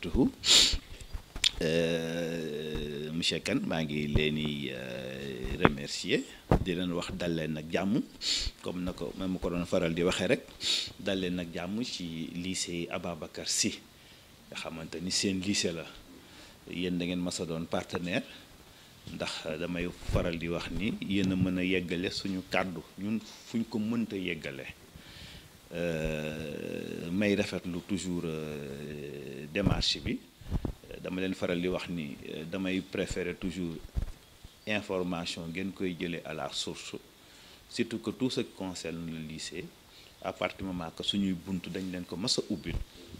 barakatuhu euh, monsieur Kane maa ngi leen di euh, remercier di leen wax dal nag jàmm comme na ko même ko doon faral di waxee rek dal nag jàmm ci lycée Ababacar si nga xamante ni seen lycée la yéen da ngeen mas doon partenaire ndax damay faral di wax ni yéen a mën a yeggale suñu kàddu ñun fuñ ko mënta yeggale Euh, may rafetlu toujours euh, démarche bi euh, dama len faral li wax ni damay préférer toujours information ngeen koy jëlee à la source surtout que tout ce qui concerne le lycée à partir du moment que suñuy buntu dañ len ko massa a lepp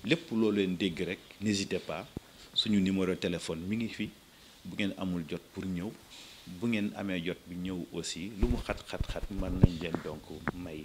lépp loo dégg rek n'hésitez pas suñu numéro de téléphone mi ngi fi bu ngeen amul jot pour ñëw bu ngeen amé jot bi ñëw aussi lu mu xat-xat-xat mën nañ len donc may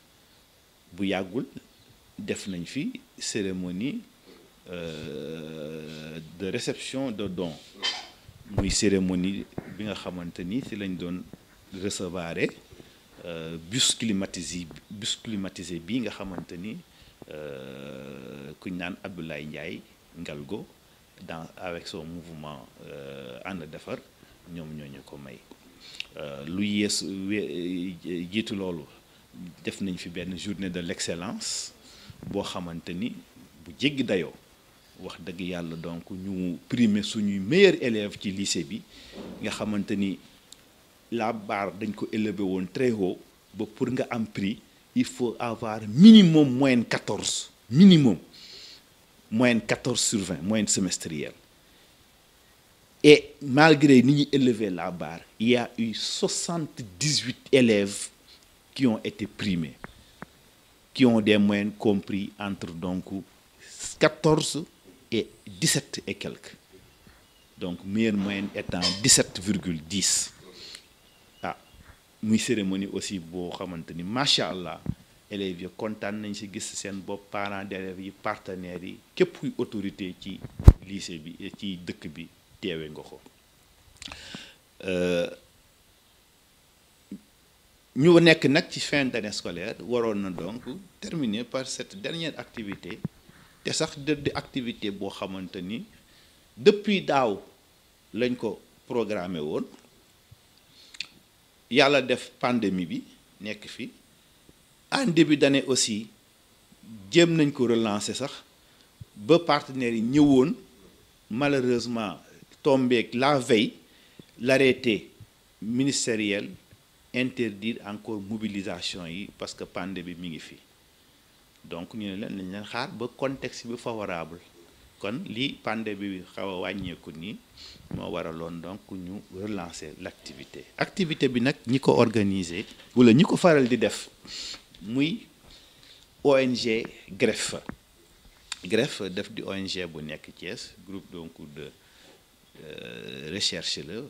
bu yagul def nañ fi cérémonie euh, de réception de dons muy cérémonie bi nga xamanteni ci lañ doon recevoir euh, bus climatisé bus climatisé bi nga xamanteni euh, kuñ naan Abdoulaye Ndiaye Ngalgo dans avec son mouvement euh, ànd defar ñom ñoo ñu ko may lu yees jitu lolu def nañ fi benn journée de l'excellence boo xamante ni bu jéggi dayo wax dëgg yàlla donc ñu primer suñuy meilleurs élèves ci lycée bi nga xamante la barre dañ ko élevé woon très haut pour nga am prix il faut avoir minimum moyenne 14 minimum moyenne 14 sur 20 moyenne semestrielle et malgré ni ñuy élever la barre il y a eu 78 élèves qui ont été primés, qui ont des moyens compris entre donc 14 et 17 et quelques. Donc, meilleure moyenne étant 17,10. Ah, une cérémonie aussi, bon, machallah élèves yi kontaan nañ de gis parents d'élèves yi partenaires yi képp kuy autorité ci lycée bi ci dëkk bi nous sommes terminé fin d'année scolaire Nous na donc terminer par cette dernière activité des cette di activité boo xamante depuis daaw nous ko programmé y y def pandémie bi pandémie. en début d'année aussi nous avons relancé ça. Nos partenaires malheureusement, ont malheureusement tombé la veille l'arrêté ministériel interdire encore mobilisation yi parce que pandémie est mi donc ñu avons leen ñu contexte favorable kon li pandémie bi xaw a wàññeeku nii moo waraloon donc ñu relancer l'activité activité bi nak ñi ko organiser wala ñi faral di def muy ONG greffe greffe def di ONG bu nekk Thiès groupe donc de euh, recherche le.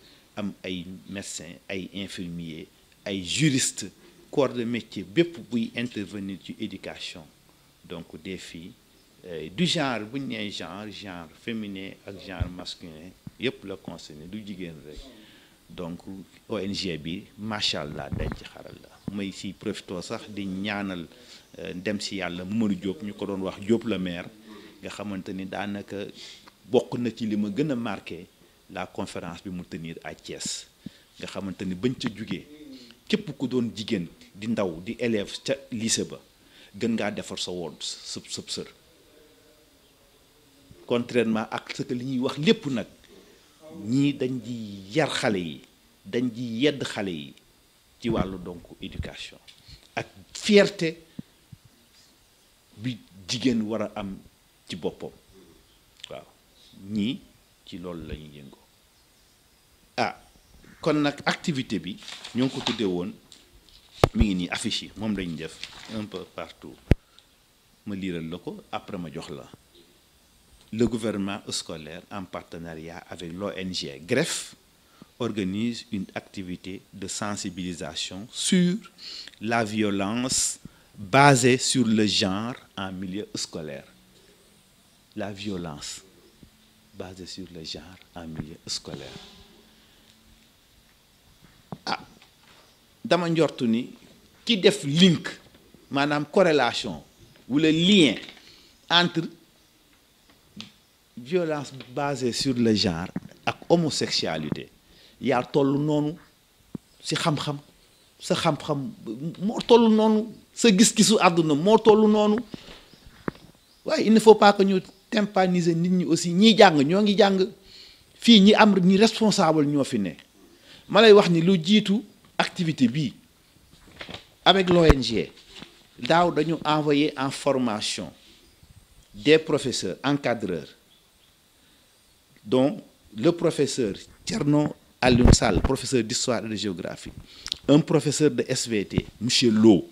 am ay médecins ay infirmiers ay juristes corps de métier pour intervenir ci éducation donc des filles euh, du genre genre genre féminin ak genre masculin yépp la concerné du rek donc ONG bi machallah xaral la may si sax di ñaanal euh, dem ci yalla ñu ko doon wax la maire nga danaka na ci la conférence bi mu tenir à Thiès nga xamanteni bañ ci juggé képp ku doon jigen di ndaw di élève ci lycée ba gën nga défar sa woon sub sub sœur contrairement ak ce que li ñuy wax lépp nak ñi dañ di yar xalé yi dañ di yedd xalé yi ci walu donc éducation ak fierté bi jigen wara am ci bopom waaw ñi ci loolu la ñuy yëngoo ah kon nag activité bi ñoo ngi ko tuddee woon mi ngi nii affiche yi def un peu partout ma liiral la ko après ma jox la le gouvernement scolaire en partenariat avec l'ONG GREF organise une activité de sensibilisation sur la violence basée sur le genre en milieu scolaire la violence basé sur le genre en milieu scolaire ah dama njortu ni ki def link manam corrélation ou le lien entre violence basée sur le genre et homosexualité Il y a si xam-xam sa xam-xam moo ce qui sa gis-gisu aduna, moo toll noonu il ne faut pas que nous tympaniser nit ñi aussi ni jang ñoo ngi jang fi ñi am ñi responsable ñoo fi ne ma lay ni activité avec l'ONG nous avons envoyé en formation des professeurs encadreurs dont le professeur Tierno Alioune professeur d'histoire et de géographie un professeur de SVT M. Lo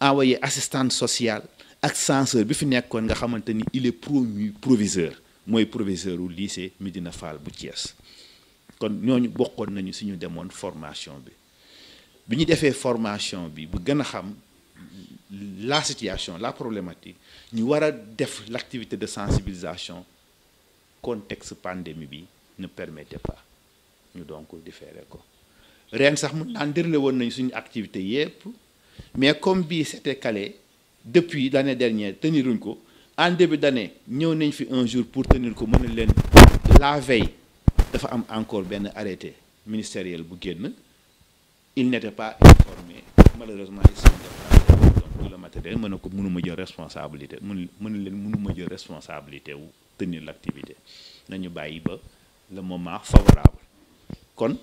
envoyé assistant social ak bi fi nekkoon nga xamante il est promu proviseur mooy proviseur au lycée Medina Fall bu Thiès kon ñooñu bokkoon nañu suñu demoon formation bi bi ñu defee formation bi bu gën xam la situation la problématique ñu war a def l' de sensibilisation contexte pandémie bi ne permettait pas ñu donc différé ko ren sax mun naan dërle woon nañu suñu activité mais comme bii c'était calé depuis l'année dernière une en début d'année nous avons fait un jour pour tenir la veille encore bien arrêté ministériel il n'était pas informé malheureusement ils le matériel responsabilité tenir l'activité Nous le moment favorable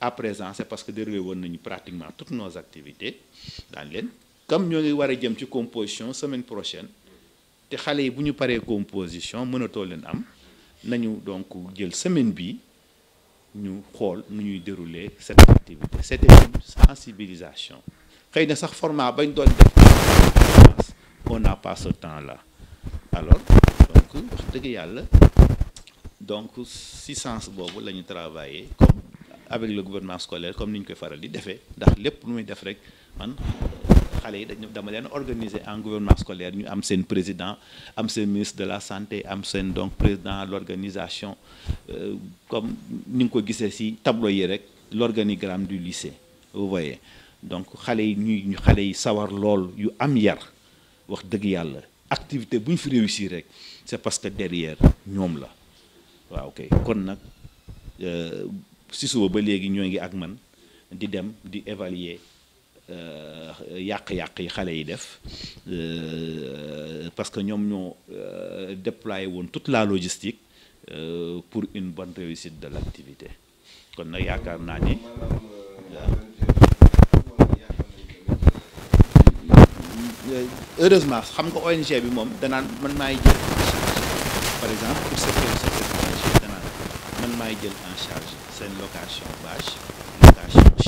à présent c'est parce que nous avons pratiquement toutes nos activités dans comme nous allons war une jëm ci composition semaine prochaine te enfants, yi nous ñu paree composition mënatoo leen am nañu donc jël semaine bi ñu nous dérouler cette activité cette une sensibilisation xëy na sax format bañ doon def on n'a pas ce temps-là alors donc dëgg donc si sens nous avons travaillé travailler comme avec le gouvernement scolaire comme nous nous koy faral di defee ndax nous lu muy def rek man nous avons dañu un gouvernement scolaire Nous avons président am ministre de la santé am président donc l'organisation euh, comme ni ko tableau l'organigramme du lycée vous voyez donc xalé ñu yi sawar activité c'est parce que derrière nous la OK. kon euh, ba évaluer euh, yàq-yàq yi xale yi def euh, parce que ñoom ñoo euh, déployé woon toute la logistique pour une bonne réussite de l'activité kon nag yaakaar naa ni heureusement xam nga ONG bi moom danaan man maay jël par exemple pour ce secteur ONG danaan man maay jël en charge seen location bâche location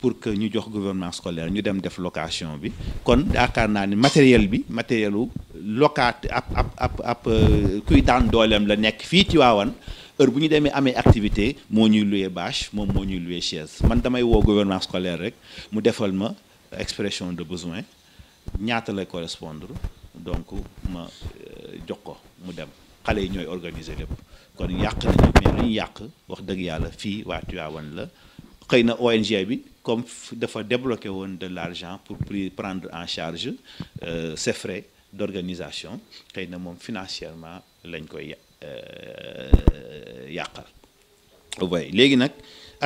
pour que ñu jox gouvernement scolaire ñu dem def location bi kon yaakaar naa ni matériel bi matériel u locaat ab ab euh, kuy daan dooleem la nekk fii Tivaouane heure bu ñu démé amé activité mo ñuy louer bâche moom mo ñuy louer chaise man damay wo gouvernement scolaire rek mu défal ma expression de besoin ñaata lay correspondre donc ma euh, jox ko mu dem xalé ñoy organiser lepp kon yaq nañu mais ñu yaq wax deug yalla fi wa Tivaouane la xëy ONG bi comme dafa débloqué de l'argent pour prendre en charge ces euh, frais d'organisation xëy na financièrement lañ koy euh, yàqal voyez léegi nag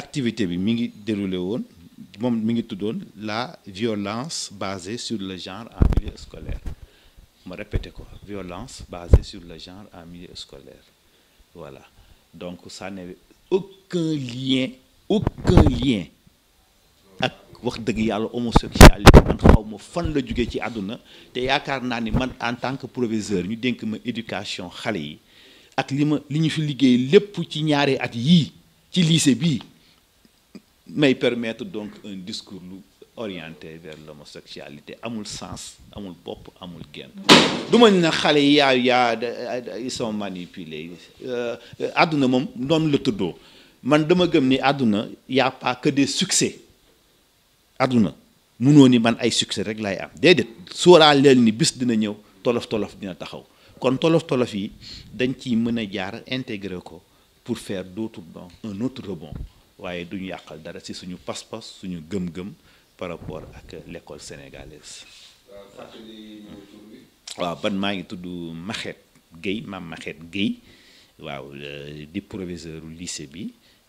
activité bi mi ngi déroulé la violence basée sur le genre en milieu scolaire ma répète, quoi violence basée sur le genre en milieu scolaire voilà donc ça n'est aucun lien aucun lien ak wax deug yalla homosexualité man xaw fan la jóge ci aduna té yakar naa ni man en tant que professeur ñu denk ma éducation xalé yi ak lima liñu fi liggéey lepp ci ñaari at yi ci lycée bi may permettre donc un discours lu orienté vers l'homosexualité amul sens amul bopp amul genn duma ma na xale yi yaa ils sont manipulés aduna euh, euh, mom noonu la tuddoo man dama gëm ni aduna y a pas que des succès aduna munoo ni man ay succès rek lay am déedéet sóoraa leel ni bis dina ñëw tolof tolof dina taxaw kon tolof tolof yi dañ ci mën a jaar intégrer ko pour faire d'autres bons un autre rebond waaye duñu yàqal dara ci suñu pas-pas suñu gëm-gëm par rapport ak l'école sénégalaise waaw ban maa ngi tudd Maxet Guèye maam Maxet Guèye waaw euh, di proviseur lycée bi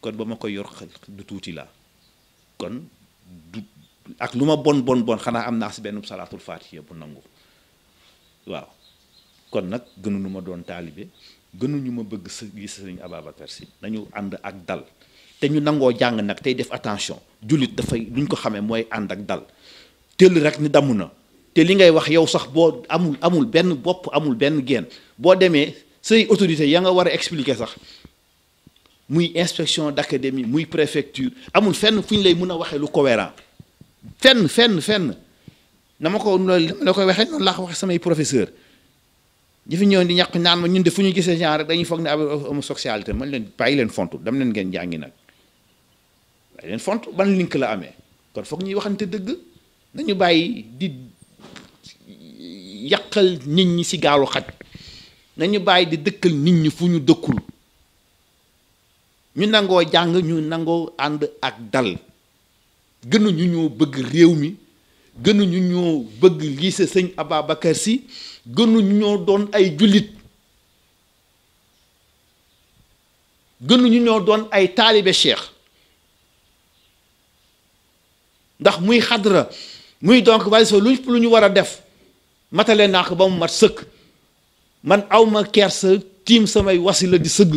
kon ba ma koy yor du tuuti laa kon du ak lu ma bon bon bon xanaa am naa si benn salaatul faatiha bu nangu waaw kon nag gënuñu ma doon taalibe gënuñu ma bëgg sa gis sëriñ si nañu ànd ak dal te ñu nangoo jàng nag tey def attention jullit dafay luñ ko xamee mooy ànd ak dal tëll rek ni damu na te li ngay wax yow sax boo amul amul benn bopp amul benn génn boo demee say autorité ya nga war a expliquer sax muy inspection d'académie muy préfecture amul fenn fuñ lay mën a waxee lu cohérent fenn fenn fenn na ma ko la koy waxee noonu laa ko waxee samay professeur ñi fi ñëwoon di ñàkk naan ma ñun de fu ñu gisee genre rek dañuy foog ne socialité man leen bàyyi leen fontu dam leen ngeen jàngi nag bàyyi leen fontu ban link la amee kon foog ñuy waxante dëgg nañu bàyyi di yàqal nit ñi si gaalu xaj nañu bàyyi di dëkkal nit ñi fu ñu dëkkul ñu nangoo jàng ñu nangoo ànd ak dal gënuñu ñoo bëgg réew mi gënuñu ñoo bëgg lycée sëñ Ababacar Sy gënuñu ñoo doon ay jullit gënuñu ñoo doon ay taalibe cheikh ndax muy xadra muy donc waliso lu lu ñu war a def matale naa ko ba mu mat sëkk man awma kersa tiim samay wasila di sëgg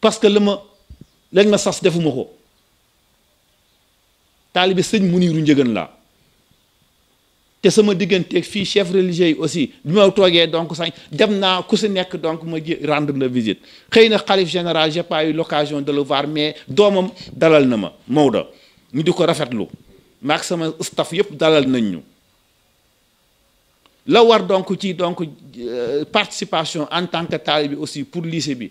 parce que le ma lañ ma sas defuma ko taalibe sëñ Muniru Njëgën laa te sama digganteeg fi chef religieux aussi bi ma donc sax dem naa ku si nekk donc ma rendre la visite xëy na général j'ai pas eu l'occasion de le voir mais domam dalal na ma Maodo ñu di rafetlu maag sama staff yëpp dalal nañ ñu la war donc ci donc euh, participation en tant que taalibe aussi pour lycée bi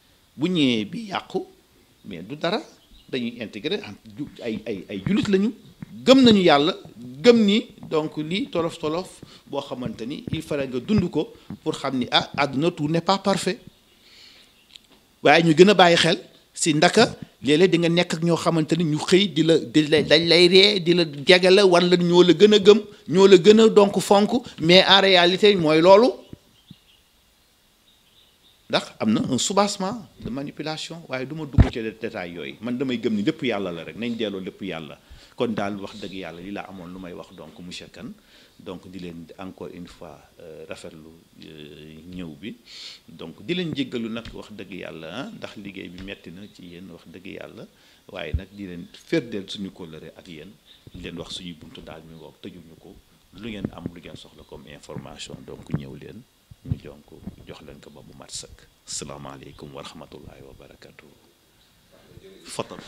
bu ñëwee bi yàqu mais du dara dañuy intégré ay ay ay jullit lañu gëm nañu yàlla gëm ni donc lii tolof tolof boo xamante ni il fallait nga dund ko pour xam ni ah àdduna tout n'est pas parfait waaye ñu gën a bàyyi xel si ndaka léeg-léeg di nga nekk ak ñoo xamante ni ñu xëy di la di dañ lay ree di la jegale wan la ñoo la gën a gëm ñoo la gën a donc fonk mais en réalité mooy loolu ndax am na un soubassement de manipulation waaye du ma dugg ci détail yooyu man damay gëm ni lépp yàlla la rek nañ delloo lépp yàlla kon daal wax dëgg yàlla li laa amoon lu may wax donc monsieur kan donc di leen encore une fois euh, rafetlu euh, ñëw bi donc di leen jéggalu nag wax dëgg yàlla ah, ndax liggéey bi metti na ci yéen wax dëgg yàlla waaye nag di leen ferdeel suñu kóllëre ak yéen di leen wax suñu buntu daal mi ngoog tëjuñu ko lu ngeen am lu ngeen soxla comme information donc ñëw leen ñu jonk jox leen ko ba mu mat sëkk salaamaaleykum wa rahmatullahi wa barakatuh fatal